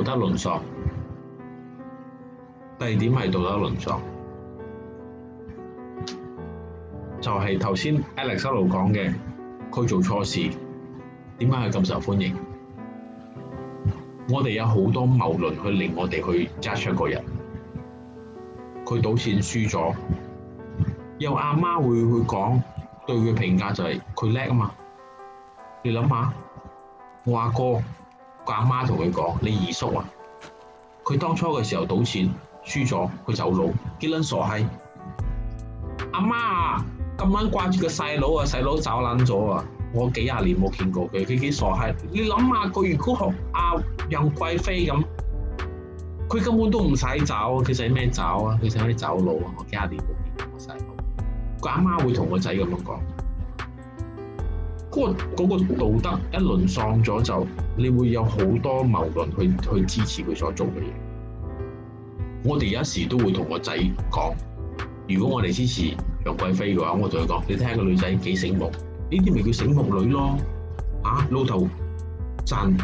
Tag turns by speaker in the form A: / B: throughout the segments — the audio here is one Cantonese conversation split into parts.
A: 德德道德淪喪，第二點係道德淪喪，就係頭先 Alex Lau 講嘅，佢做錯事，點解係咁受歡迎？我哋有好多謬論去令我哋去 judge 一個人，佢賭錢輸咗，有阿媽會去講，對佢評價就係佢叻吖嘛，你諗下，我阿哥。個阿媽同佢講：你二叔啊，佢當初嘅時候賭錢輸咗，佢走佬，幾撚傻閪。阿媽咁樣掛住個細佬啊，細佬走撚咗啊！我幾廿年冇見過佢，佢幾傻閪。你諗下，佢如果學阿楊貴妃咁，佢根本都唔使走，佢使咩走啊？佢使乜走佬啊？我幾廿年冇見過細佬，個阿媽，媽會同個仔咁樣講。個、那、嗰個道德一淪喪咗，就你會有好多謬論去去支持佢所做嘅嘢。我哋有時都會同個仔講：如果我哋支持楊貴妃嘅話，我同佢講，你睇下個女仔幾醒目，呢啲咪叫醒目女咯？嚇、啊，老豆賺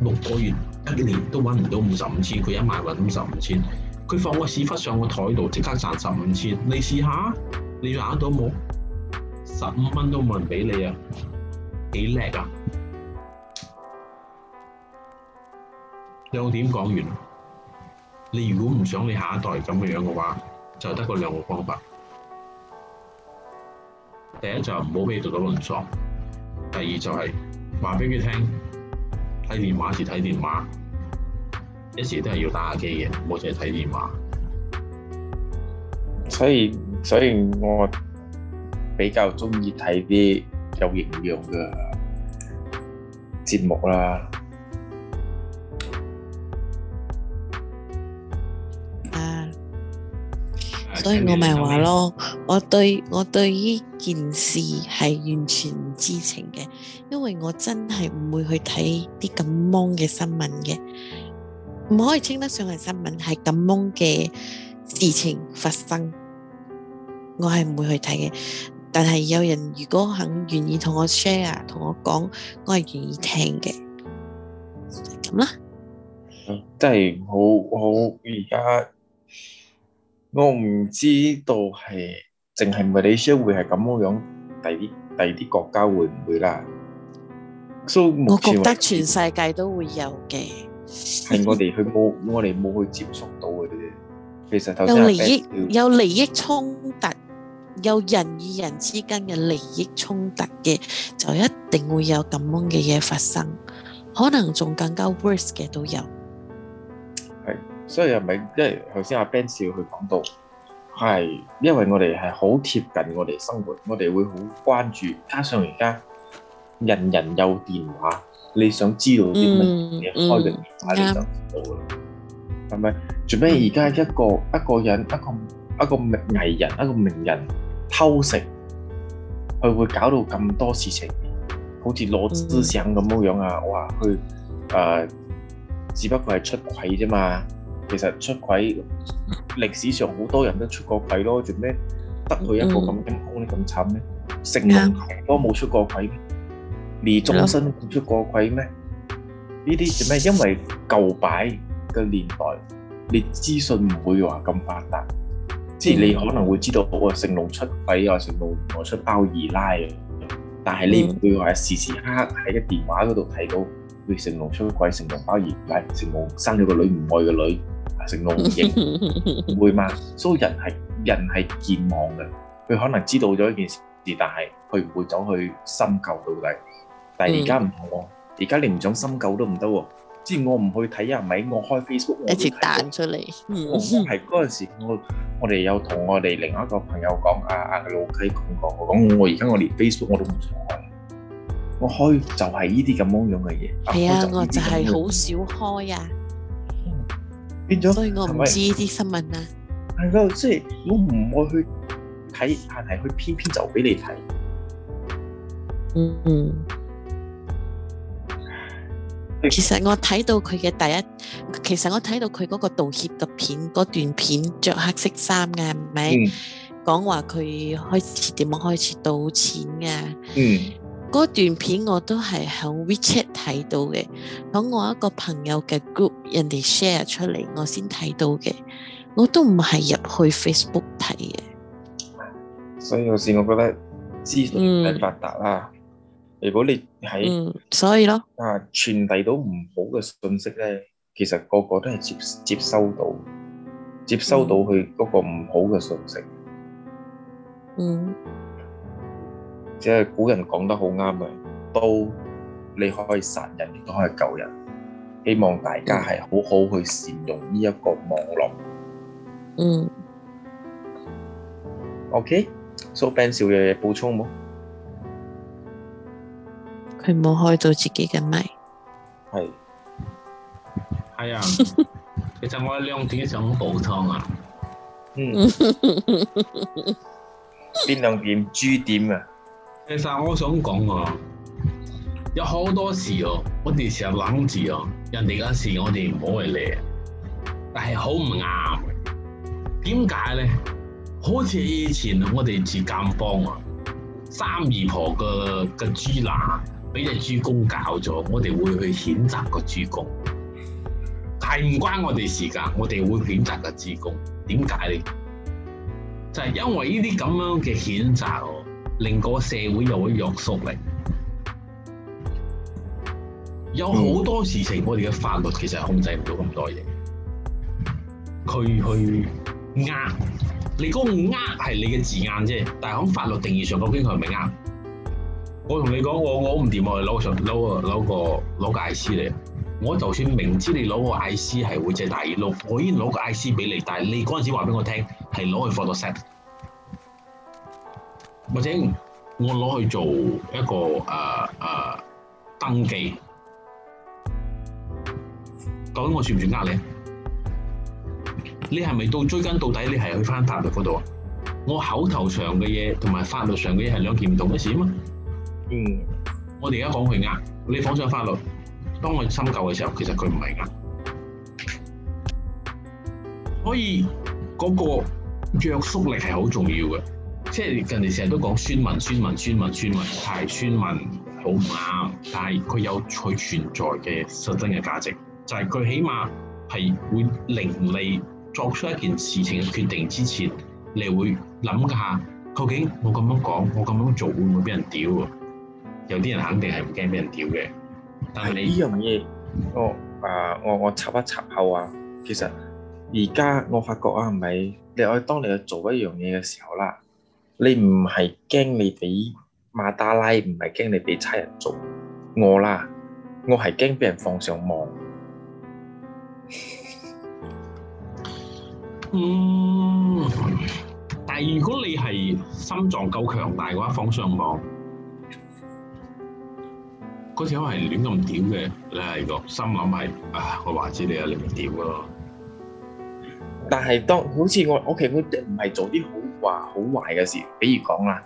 A: 六個月一年都揾唔到五十五千，佢一晚揾五十五千，佢放個屎忽上個台度即刻賺十五千，你試下，你要揦到冇？十五蚊都冇人俾你啊！幾叻啊！兩點講完，你如果唔想你下一代咁嘅樣嘅話，就得個兩個方法。第一就唔好俾佢讀到亂撞。第二就係話俾佢聽，睇電話時睇電話，一時都係要打下機嘅，唔好淨係睇電話。
B: 所以，所以我比較中意睇啲。有營養嘅節目啦，
C: 啊，所以我咪話咯，我對我對呢件事係完全唔知情嘅，因為我真係唔會去睇啲咁懵嘅新聞嘅，唔可以稱得上係新聞，係咁懵嘅事情發生，我係唔會去睇嘅。但係有人如果肯願意同我 share，同我講，我係願意聽嘅，咁啦。嗯，都
B: 係好好。而家我唔知道係淨係馬來西亞會係咁樣，第啲第啲國家會唔會啦？
A: 所以我
C: 覺得全世界都會有
B: 嘅。係我哋去冇，我哋冇去接觸到嘅啫。其實有利益，有
C: 利益衝突。有人與人之間嘅利益衝突嘅，就一定會有咁樣嘅嘢發生，可能仲更加 worse 嘅都有。
B: 係，所以又咪，因為頭先阿 Ben 去講到，係因為我哋係好貼近我哋生活，我哋會好關注。加上而家人人有電話，你想知道啲乜嘢，開個電話你就知道啦。係咪？做咩而家一個一個人，一個一個藝人，一個名人。偷食，佢會搞到咁多事情，好似攞思想咁樣樣啊！我話佢誒，只不過係出軌啫嘛。其實出軌，歷史上好多人都出過軌咯。做咩得佢一個咁陰功咧咁慘咧、嗯？成龍都冇出過軌咩？李宗盛冇出過軌咩？呢啲做咩？因為舊擺嘅年代，你資訊唔會話咁發達。即、嗯、係你可能會知道我，我成龍出軌啊，成龍我出包二奶，但係你唔會話時時刻刻喺個電話嗰度睇到，佢成龍出軌、成龍包二奶、成龍生咗個女唔愛個女，成龍唔認，唔會嘛？所以人係人係健忘嘅，佢可能知道咗一件事，但係佢唔會走去深究到底。但係而家唔同喎，而、嗯、家你唔想深究都唔得喎。知我唔去睇啊？咪我開 Facebook 我一直彈出嚟。嗯，係嗰陣時，我我哋有同我哋另外一個朋友講啊阿老 Loki 講過，我而家我連 Facebook 我都唔想開，我開就係呢啲咁樣樣嘅嘢。係啊，我就係好
C: 少開啊。嗯、
B: 變咗，所以我唔知呢啲
C: 新聞啦、啊。係咯、啊，即、就、係、是、我唔會去
B: 睇，但係佢偏偏
A: 就俾你睇。嗯。
C: 嗯其實我睇到佢嘅第一，其實我睇到佢嗰個道歉嘅片，嗰段片着黑色衫嘅，係咪？嗯。講話佢開始點樣開始賭錢啊？嗯。嗰段片我都係喺 WeChat 睇到嘅，喺我一個朋友嘅 group 人哋 share 出嚟，我先睇到嘅。我都唔係入去 Facebook 睇嘅。
B: 所以有時我覺得資訊太發達啦。嗯如果你喺，
C: 所以咯，
B: 啊，傳遞到唔好嘅信息咧，其實個個都係接接收到，接收到佢嗰個唔好嘅信息。嗯，即係古人講得好啱嘅，刀你可以殺人，亦都可以救人。希望大家係好好去善用呢一個網絡。嗯。OK，蘇 Ben 少
A: 爺有嘢補充冇？
C: 佢冇開到自己嘅咪。
A: 係係啊，其實我有兩點想
B: 補充啊， 嗯，邊 兩點？
A: 豬點啊？其實我想講啊，有好多時哦，我哋成日諗住哦，人哋嘅事我哋唔好去理，但係好唔啱。點解咧？好似以前我哋住間房啊，三姨婆嘅嘅豬乸。俾隻豬公搞咗，我哋會去譴責個豬公，係唔關我哋事噶。我哋會譴責個豬公，點解咧？就係、是、因為呢啲咁樣嘅譴責，令個社會又會約束力。有好多事情，我哋嘅法律其實係控制唔到咁多嘢。佢去呃，你個呃係你嘅字眼啫，但響法律定義上究竟佢係咪呃？我同你講，我我唔掂，我攞個上攞個攞個攞個 IC 嚟。我就算明知你攞個 IC 係會借大耳窿，我已經攞個 IC 俾你。但係你嗰陣時話俾我聽係攞去放咗 set，或者我攞去做一個誒誒、啊啊、登記。究竟我算唔算呃你啊？你係咪到追根到底你係去翻法律嗰度啊？我口頭上嘅嘢，同埋法律上嘅嘢係兩件唔同嘅事啊嘛。嗯，我哋而家講佢呃，你放上法律，當佢深究嘅時候，其實佢唔係呃。所以嗰、那個約束力係好重要嘅，即係人哋成日都講孫文、孫文、孫文、孫文，太孫文，好唔啱，但係佢有佢存在嘅實質嘅價值，就係、是、佢起碼係會令你作出一件事情嘅決定之前，你會諗下究竟我咁樣講，我咁樣做會唔會俾人屌？有啲人肯定係唔驚俾人屌嘅，但係
B: 你呢樣嘢，我啊，我我插一插口啊，其實而家我發覺啊，係咪你可以當你去做一樣嘢嘅時候啦？你唔係驚你俾馬達拉，唔係驚你俾差人做，我啦，我係驚俾人放上網。
A: 嗯，但係如果你係心臟夠強大嘅話，放上網。嗰時因為亂咁屌
B: 嘅，你係個心諗係啊，我話知你啊，你唔屌咯。但係當好似我屋企，實唔係做啲好話好壞嘅事，比如講啦，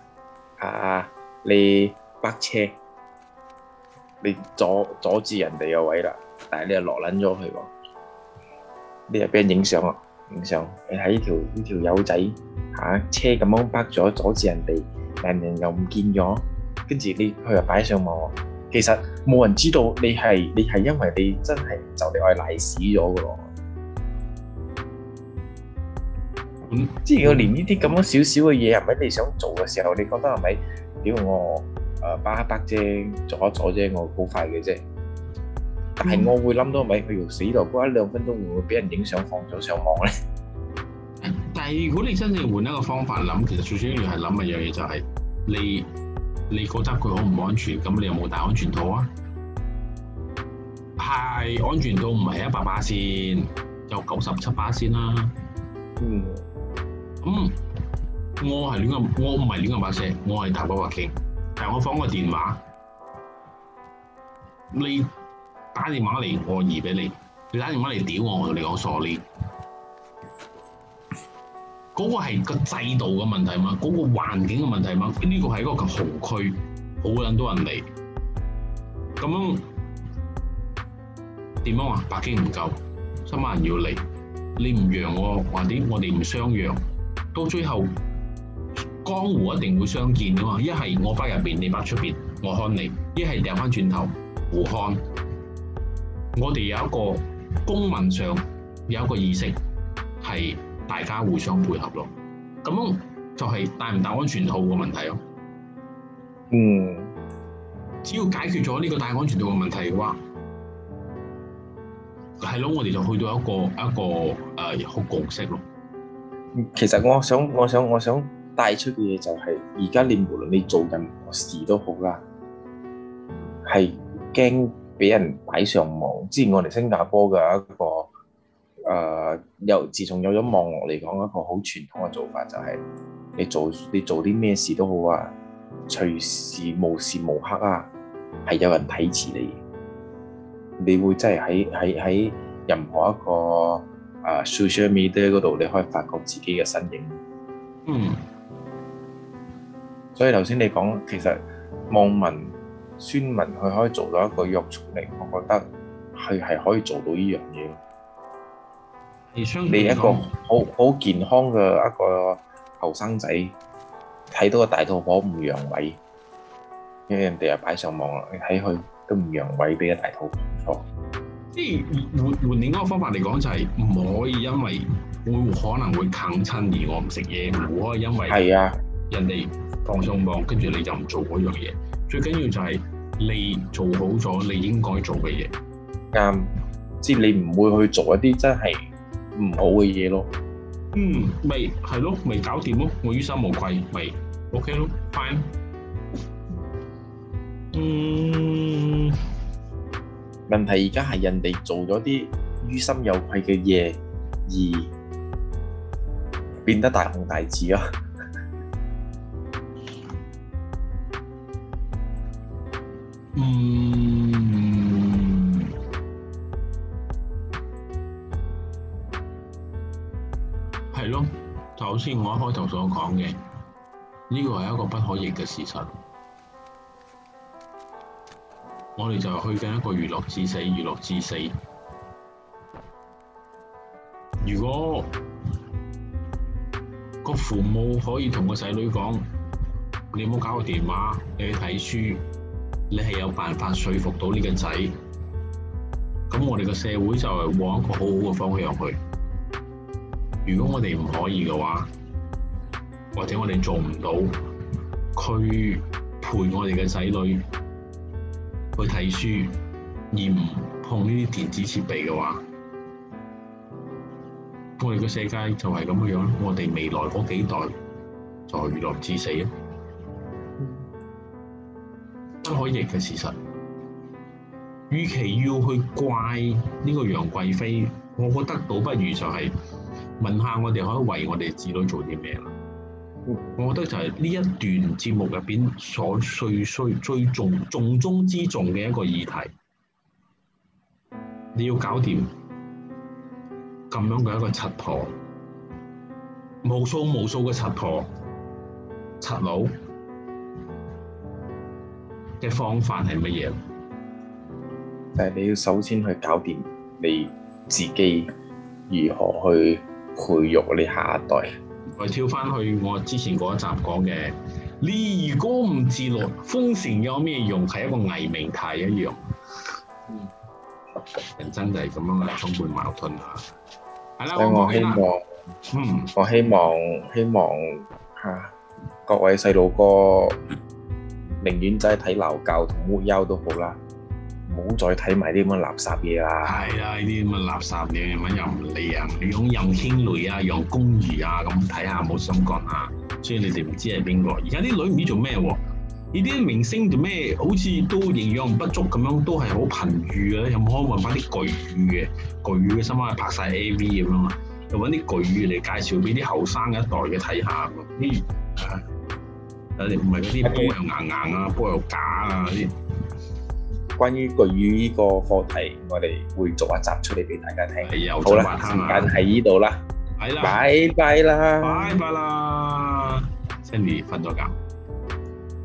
B: 啊你泊車，你阻阻住人哋嘅位啦，但係你又落撚咗佢喎，你又俾人影相啊，影相，你睇呢條呢條友仔嚇車咁樣泊咗阻住人哋，人哋又唔見咗，跟住你佢又擺上網。其實冇人知道你係你係因為你真係就嚟，我係瀨屎咗噶咯，咁即係我連呢啲咁樣少少嘅嘢，係咪你想做嘅時候，你覺得係咪？屌我誒、呃，巴得啫，阻一阻啫，我好快嘅啫。但係我會諗到咪，譬如死落去一兩分鐘，會唔會俾人影相放咗上網咧？
A: 但係如果你真正換一個方法諗，其實最主要係諗一樣嘢，就係、是、你。你覺得佢好唔安全？咁你有冇帶安全套啊？係安全套唔係一百巴仙，有九十七巴仙啦。嗯。咁我係亂咁，我唔係亂咁把線，我係打九八 K，但係我放個電話。你打電話嚟我移俾你，你打電話嚟屌我，你我同你講 sorry。嗰、那個係個制度嘅問題嘛，嗰、那個環境嘅問題嘛，呢個係一個紅區，好撚多人嚟。咁樣點樣啊？白京唔夠，新馬人要嚟，你唔讓喎，或者我哋唔相讓，到最後江湖一定會相見噶嘛。一係我翻入邊，你翻出邊，我看你；一係掉翻轉頭，互看。我哋有一個公民上有一個意識係。是。大家互相配合咯，咁就係戴唔戴安全套嘅問題咯。嗯，只要解決咗呢個戴安全套嘅問題嘅話，係咯，我哋就去到一個一個誒好角
B: 色咯。其實我想我想我想帶出嘅嘢就係、是，而家你無論你做任何事都好啦，係驚俾人擺上網。之前我哋新加坡嘅一個。誒，由自從有咗網絡嚟講，一個好傳統嘅做法就係，你做你做啲咩事都好啊，隨時無時無刻啊，係有人睇住你。你會真係喺喺喺任何一個 social media 嗰度，你可以發覺自己嘅身影。
A: 嗯。
B: 所以頭先你講，其實網民宣文佢可以做到一個約束力，我覺得佢係可以做到依樣嘢。相，你一個好好健康嘅一個後生仔，睇到個大肚婆唔讓位，因為人哋又擺上網啦。你睇佢都唔讓位俾個大肚婆唔錯。
A: 即係換另一個方法嚟講，就係、是、唔可以因為會可能會啃親而我唔食嘢，唔可以因為係啊人哋放上網，跟住，啊、你就唔做嗰樣嘢。最緊要就係你做好咗，你應該做嘅嘢
B: 啱，即你唔會去做一啲真係。唔好嘅嘢咯，
A: 嗯，咪係咯，咪搞掂咯，我於心無愧，咪 OK 咯，fine。嗯，
B: 問題而家係人哋做咗啲於心有愧嘅嘢，而變得大紅大紫啊。
A: 嗯。先我一開頭所講嘅，呢個係一個不可逆嘅事實。我哋就去緊一個娛樂至死，娛樂至死。如果個父母可以同個仔女講：你冇搞個電話，你去睇書，你係有辦法說服到呢個仔。咁我哋個社會就往一個好好嘅方向去。如果我哋唔可以嘅話，或者我哋做唔到，佢陪我哋嘅仔女去睇書，而唔碰呢啲電子設備嘅話，我哋嘅世界就係噉樣。我哋未來嗰幾代就娛樂至死啊！不可逆嘅事實，與其要去怪呢個楊貴妃。我覺得倒不如就係問下我哋可以為我哋子女做啲咩啦。我覺得就係呢一段節目入邊所最需最重重中之重嘅一個議題，你要搞掂咁樣嘅一個七婆，無數無數嘅七婆、七佬嘅方法係乜嘢？
B: 就係，你要首先去搞掂你自己如何去培育我下一代？
A: 我跳翻去我之前嗰一集講嘅，你如果唔自律，封城有咩用？係一個偽命題一樣。嗯，人生就係咁樣充滿矛盾啊！所以我希望、嗯、我希望，
B: 我希望，希望嚇、啊、各位細路哥寧願齋睇鬧教同木優都好啦。唔好再睇埋啲咁嘅垃圾嘢啦，
A: 係啊，呢啲咁嘅垃圾嘢乜又唔靚啊，你用任天雷啊，用公寓啊，咁睇下冇心肝啊，所以你哋唔知係邊個。而家啲女唔知做咩，呢啲明星做咩，好似都營養不足咁樣，樣，都係好貧乳嘅，有冇可能揾翻啲巨乳嘅？巨乳嘅身材去拍晒 A V 咁啊嘛，又揾啲巨乳嚟介紹俾啲後生一代嘅睇下，啲嚇，唔係嗰啲波又硬硬啊，波又假啊啲。
B: 關於句語呢個課題，我哋會做一集出嚟俾大家聽。係、哎、啊，好啦、Bye-bye，啦，時間喺呢度啦，拜拜啦，拜拜啦，Sandy 瞓咗覺。